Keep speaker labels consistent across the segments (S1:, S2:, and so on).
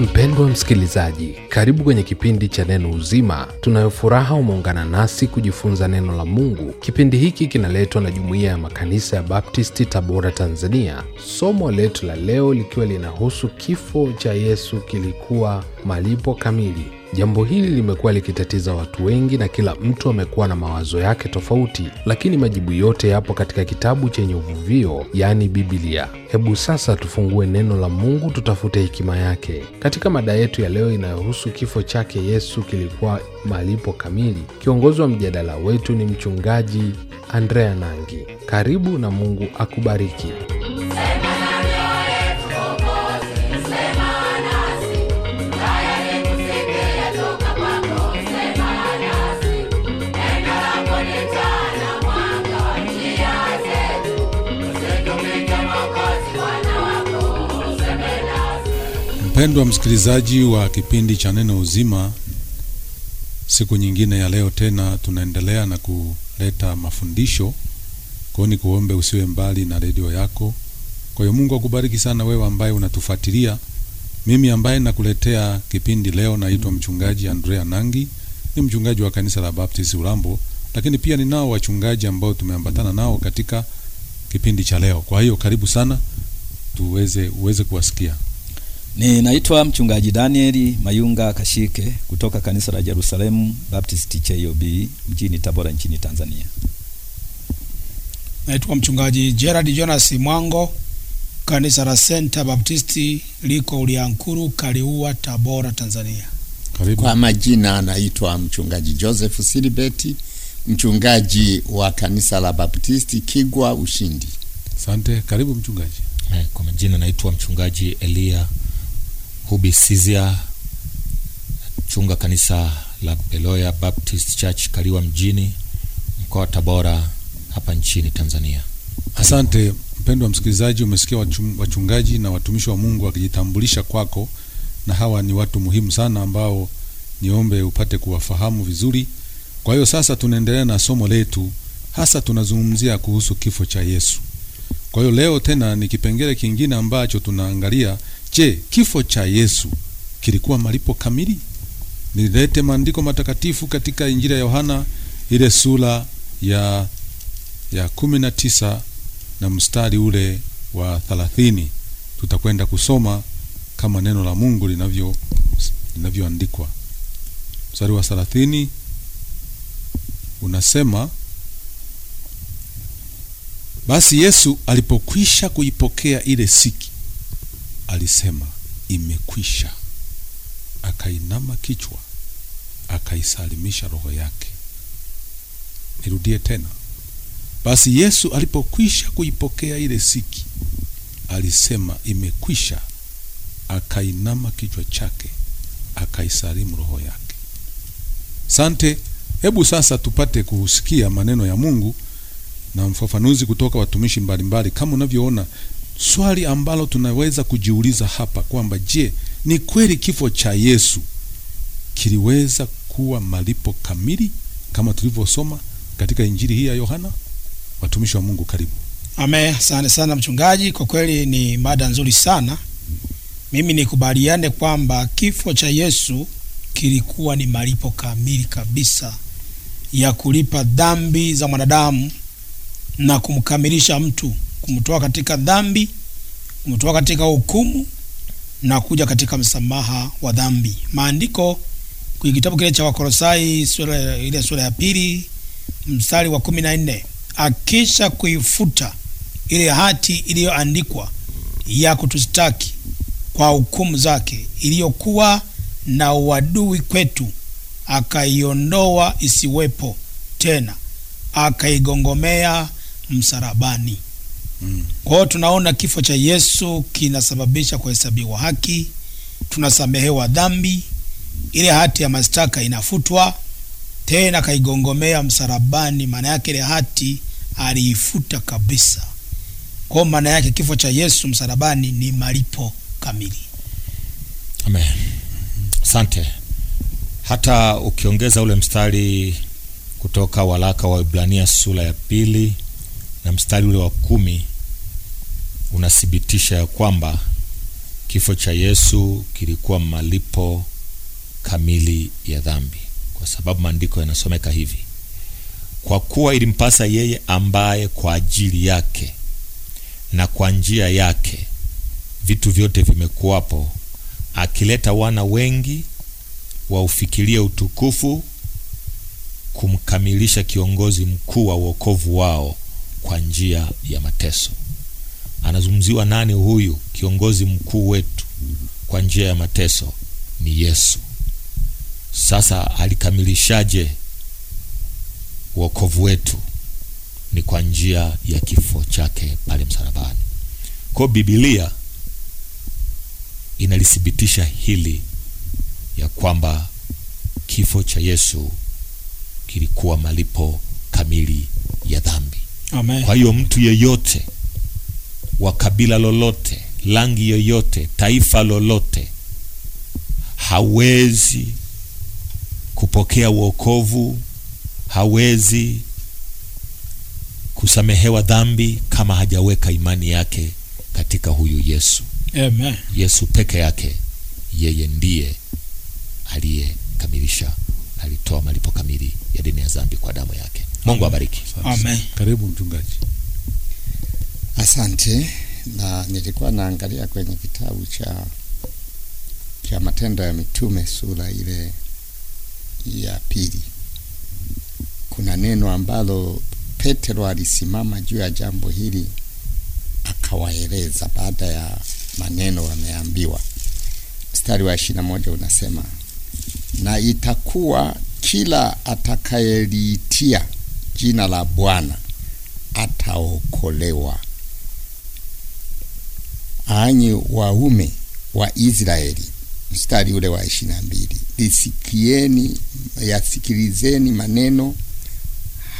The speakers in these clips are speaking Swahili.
S1: Mpendwa msikilizaji, karibu kwenye kipindi cha Neno Uzima. tunayofuraha umeungana nasi kujifunza neno la Mungu. Kipindi hiki kinaletwa na Jumuiya ya Makanisa ya Baptisti, Tabora, Tanzania. Somo letu la leo likiwa linahusu kifo cha Yesu kilikuwa malipo kamili. Jambo hili limekuwa likitatiza watu wengi na kila mtu amekuwa na mawazo yake tofauti, lakini majibu yote yapo katika kitabu chenye uvuvio, yaani Biblia. Hebu sasa tufungue neno la Mungu, tutafute hekima yake katika mada yetu ya leo inayohusu kifo chake Yesu kilikuwa malipo kamili. Kiongozi wa mjadala wetu ni Mchungaji Andrea Nangi. Karibu na Mungu akubariki.
S2: Mpendwa msikilizaji wa kipindi cha Neno Uzima, siku nyingine ya leo tena tunaendelea na kuleta mafundisho. Kwa hiyo kuombe usiwe mbali na redio yako. Kwa hiyo Mungu akubariki sana wewe ambaye unatufuatilia. Mimi ambaye nakuletea kipindi leo naitwa mchungaji Andrea Nangi, ni mchungaji wa kanisa la Baptist Urambo, lakini pia ninao wachungaji ambao tumeambatana nao katika kipindi cha leo. Kwa hiyo karibu sana
S3: tuweze uweze kuwasikia. Ninaitwa mchungaji Daniel Mayunga Kashike kutoka kanisa la Jerusalemu Baptist CHOB mjini Tabora nchini Tanzania.
S4: Naitwa mchungaji Gerard Jonas Mwango kanisa la Center Baptist liko Uliankuru, Kaliua, Tabora, Tanzania.
S5: Karibu. Kwa majina anaitwa mchungaji Joseph Silibeti, mchungaji wa kanisa la Baptisti Kigwa Ushindi.
S2: Asante, karibu mchungaji.
S5: Eh,
S6: kwa majina naitwa mchungaji Elia Hubisizia chunga kanisa la Beloya Baptist Church Kaliwa mjini mkoa wa Tabora hapa nchini Tanzania.
S2: Asante mpendwa msikilizaji, umesikia wachungaji na watumishi wa Mungu wakijitambulisha kwako, na hawa ni watu muhimu sana ambao niombe upate kuwafahamu vizuri. Kwa hiyo sasa tunaendelea na somo letu, hasa tunazungumzia kuhusu kifo cha Yesu. Kwa hiyo leo tena ni kipengele kingine ambacho tunaangalia Je, kifo cha Yesu kilikuwa malipo kamili? Nilete maandiko matakatifu katika Injili ya Yohana ile sura ya ya kumi na tisa na mstari ule wa thalathini tutakwenda kusoma kama neno la Mungu linavyo linavyoandikwa. Mstari wa thalathini unasema basi Yesu alipokwisha kuipokea ile siki alisema imekwisha, akainama kichwa, akaisalimisha roho yake. Nirudie tena, basi Yesu alipokwisha kuipokea ile siki, alisema imekwisha, akainama kichwa chake, akaisalimu roho yake. Sante. Hebu sasa tupate kusikia maneno ya Mungu na mfafanuzi kutoka watumishi mbalimbali. Kama unavyoona swali ambalo tunaweza kujiuliza hapa kwamba je, ni kweli kifo cha Yesu kiliweza kuwa malipo kamili kama tulivyosoma katika injili hii ya Yohana? Watumishi wa Mungu, karibu.
S4: Ame, asante sana mchungaji, kwa kweli ni mada nzuri sana. Mimi nikubaliane kwamba kifo cha Yesu kilikuwa ni malipo kamili kabisa ya kulipa dhambi za mwanadamu na kumkamilisha mtu kumtoa katika dhambi, kumtoa katika hukumu na kuja katika msamaha wa dhambi. Maandiko kwenye kitabu kile cha Wakolosai sura, ile sura ya pili mstari wa kumi na nne akisha kuifuta ile hati iliyoandikwa ya kutustaki kwa hukumu zake iliyokuwa na uadui kwetu, akaiondoa isiwepo tena, akaigongomea msalabani. Kwa tunaona kifo cha Yesu kinasababisha kuhesabiwa haki, tunasamehewa dhambi, ile hati ya mashtaka inafutwa tena. Kaigongomea msarabani maana yake ile hati aliifuta kabisa. Kwa maana yake kifo cha Yesu msarabani ni malipo kamili.
S6: Amen. Asante. Hata ukiongeza ule mstari kutoka waraka wa Ibrania sura ya pili na mstari ule wa kumi unathibitisha ya kwamba kifo cha Yesu kilikuwa malipo kamili ya dhambi, kwa sababu maandiko yanasomeka hivi: kwa kuwa ilimpasa yeye ambaye kwa ajili yake na kwa njia yake vitu vyote vimekuwapo, akileta wana wengi waufikirie utukufu, kumkamilisha kiongozi mkuu wa wokovu wao kwa njia ya mateso. Anazungumziwa nani huyu kiongozi mkuu wetu kwa njia ya mateso? Ni Yesu. Sasa alikamilishaje wokovu wetu? Ni kwa njia ya kifo chake pale msalabani. Kwa Biblia inalithibitisha hili ya kwamba kifo cha Yesu kilikuwa malipo kamili ya dhambi. Amen. Kwa hiyo mtu yeyote wa kabila lolote, rangi yoyote, taifa lolote hawezi kupokea wokovu, hawezi kusamehewa dhambi kama hajaweka imani yake katika huyu Yesu. Amen. Yesu peke yake, yeye ndiye aliyekamilisha, alitoa malipo kamili ya deni ya dhambi kwa damu yake. Mungu abariki. Amen.
S5: Karibu mchungaji. Asante. Na nilikuwa naangalia kwenye kitabu cha cha Matendo ya Mitume sura ile ya pili, kuna neno ambalo Petero alisimama juu ya jambo hili akawaeleza, baada ya maneno wameambiwa. Mstari wa ishirini na moja unasema, na itakuwa kila atakayeliitia jina la Bwana ataokolewa anyi waume wa Israeli, mstari ule wa ishirini na mbili, lisikieni yasikilizeni maneno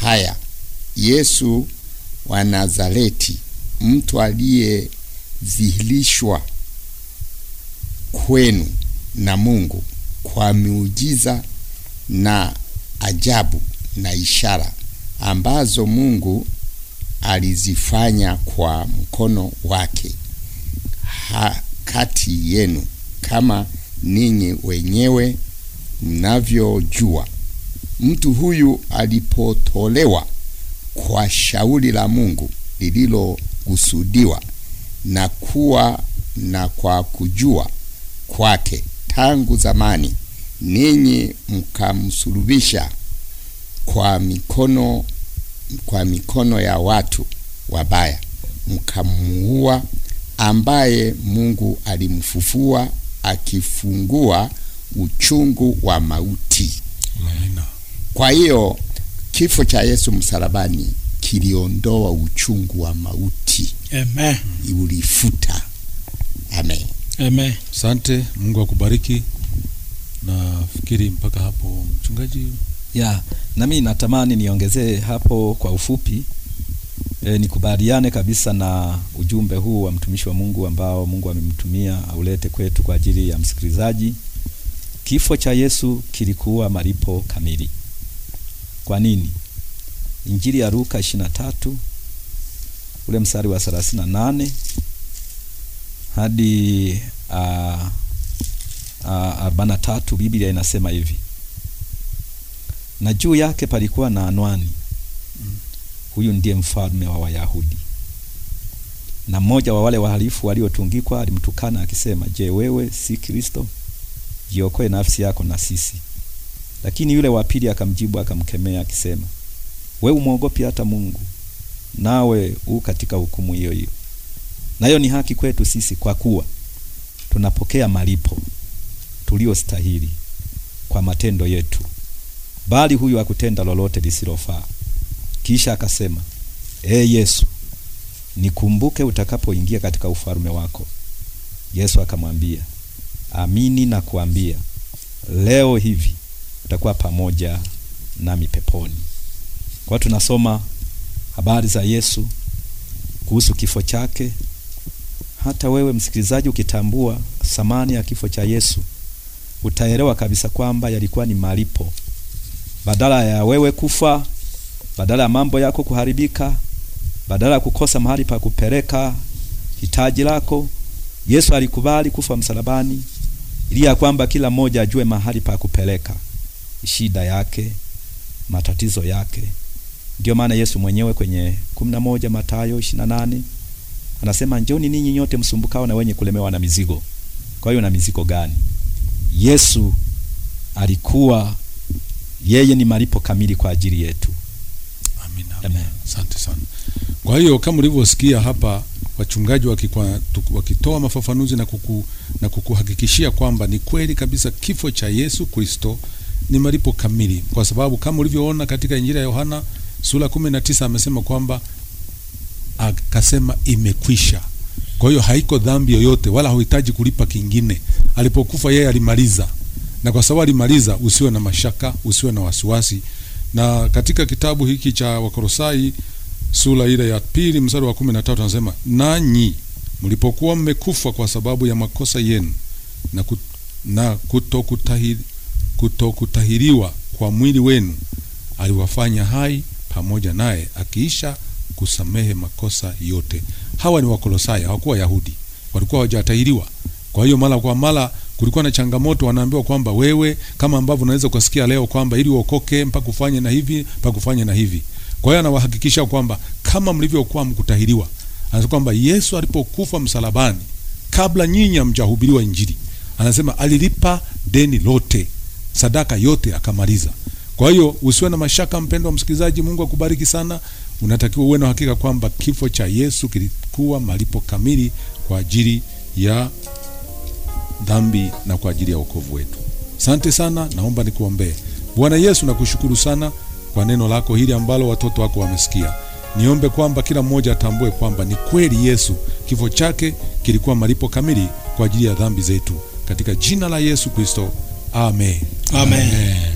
S5: haya, Yesu wa Nazareti, mtu aliyezihilishwa kwenu na Mungu kwa miujiza na ajabu na ishara ambazo Mungu alizifanya kwa mkono wake ha, kati yenu kama ninyi wenyewe mnavyojua. Mtu huyu alipotolewa kwa shauri la Mungu lililokusudiwa na kuwa na kwa kujua kwake tangu zamani, ninyi mkamsulubisha kwa mikono, kwa mikono ya watu wabaya, mkamuua ambaye Mungu alimfufua akifungua uchungu wa mauti. Amen. Kwa hiyo kifo cha Yesu msalabani kiliondoa uchungu wa mauti. Amen. Ulifuta.
S2: Amen. Amen. Sante, Mungu akubariki. Nafikiri mpaka hapo mchungaji.
S3: Ya, nami natamani niongezee hapo kwa ufupi E, nikubaliane kabisa na ujumbe huu wa mtumishi wa Mungu ambao Mungu amemtumia aulete kwetu kwa ajili ya msikilizaji. Kifo cha Yesu kilikuwa malipo kamili. Kwa nini? Injili ya Luka 23 ule mstari wa 38 hadi uh, arobaini na tatu Biblia inasema hivi: na juu yake palikuwa na anwani huyu ndiye mfalme wa Wayahudi. Na mmoja wa wale wahalifu waliotungikwa alimtukana akisema, je, wewe si Kristo? Jiokoe nafsi yako na sisi. Lakini yule wa pili akamjibu akamkemea akisema, wewe umwogopi hata Mungu, nawe u katika hukumu hiyo hiyo. Nayo ni haki kwetu sisi, kwa kuwa tunapokea malipo tuliostahili kwa matendo yetu, bali huyu hakutenda lolote lisilofaa. Kisha akasema, e Yesu, nikumbuke utakapoingia katika ufalme wako. Yesu akamwambia, amini na kuambia leo hivi utakuwa pamoja nami peponi. Kwa tunasoma habari za Yesu kuhusu kifo chake. Hata wewe msikilizaji, ukitambua thamani ya kifo cha Yesu utaelewa kabisa kwamba yalikuwa ni malipo. Badala ya wewe kufa badala ya mambo yako kuharibika, badala ya kukosa mahali pa kupeleka hitaji lako, Yesu alikubali kufa msalabani ili ya kwamba kila mmoja ajue mahali pa kupeleka shida yake, matatizo yake. Ndio maana Yesu mwenyewe kwenye 11 Mathayo 28 anasema njoni ninyi nyote msumbukao na wenye kulemewa na mizigo. Kwa hiyo na mizigo gani? Yesu alikuwa yeye ni malipo kamili kwa ajili yetu. Asante sana.
S2: Kwa hiyo kama ulivyosikia hapa wachungaji wakikuwa, wakitoa mafafanuzi na, kuku, na kukuhakikishia kwamba ni kweli kabisa kifo cha Yesu Kristo ni malipo kamili, kwa sababu kama ulivyoona katika Injili ya Yohana sura 19 amesema kwamba akasema imekwisha. Kwa hiyo haiko dhambi yoyote wala huhitaji kulipa kingine. Alipokufa yeye alimaliza, na kwa sababu alimaliza, usiwe na mashaka, usiwe na wasiwasi na katika kitabu hiki cha wakorosai sura ile ya pili mstari wa kumi na tatu anasema, nanyi mlipokuwa mmekufa kwa sababu ya makosa yenu na, kut, na kutokutahiri, kutokutahiriwa kwa mwili wenu aliwafanya hai pamoja naye akiisha kusamehe makosa yote. Hawa ni Wakolosai, hawakuwa Yahudi, walikuwa hawajatahiriwa. Kwa hiyo mara kwa mara kulikuwa na changamoto, wanaambiwa kwamba wewe, kama ambavyo unaweza kusikia leo kwamba ili uokoke mpaka ufanye na hivi mpaka ufanye na hivi. Kwa hiyo anawahakikisha kwamba kama mlivyokuwa mkutahiriwa, anasema kwamba Yesu alipokufa msalabani, kabla nyinyi hamjahubiriwa Injili, anasema alilipa deni lote, sadaka yote akamaliza. Kwa hiyo usiwe na mashaka, mpendwa msikilizaji, Mungu akubariki sana. Unatakiwa uwe na hakika kwamba kifo cha Yesu kilikuwa malipo kamili kwa ajili ya dhambi na kwa ajili ya wokovu wetu. Asante sana, naomba nikuombee. Bwana Yesu, nakushukuru sana kwa neno lako hili ambalo watoto wako wamesikia. Niombe kwamba kila mmoja atambue kwamba ni kweli Yesu kifo chake kilikuwa malipo kamili kwa ajili ya dhambi zetu, katika jina la Yesu Kristo, amen,
S1: amen. amen.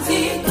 S6: quase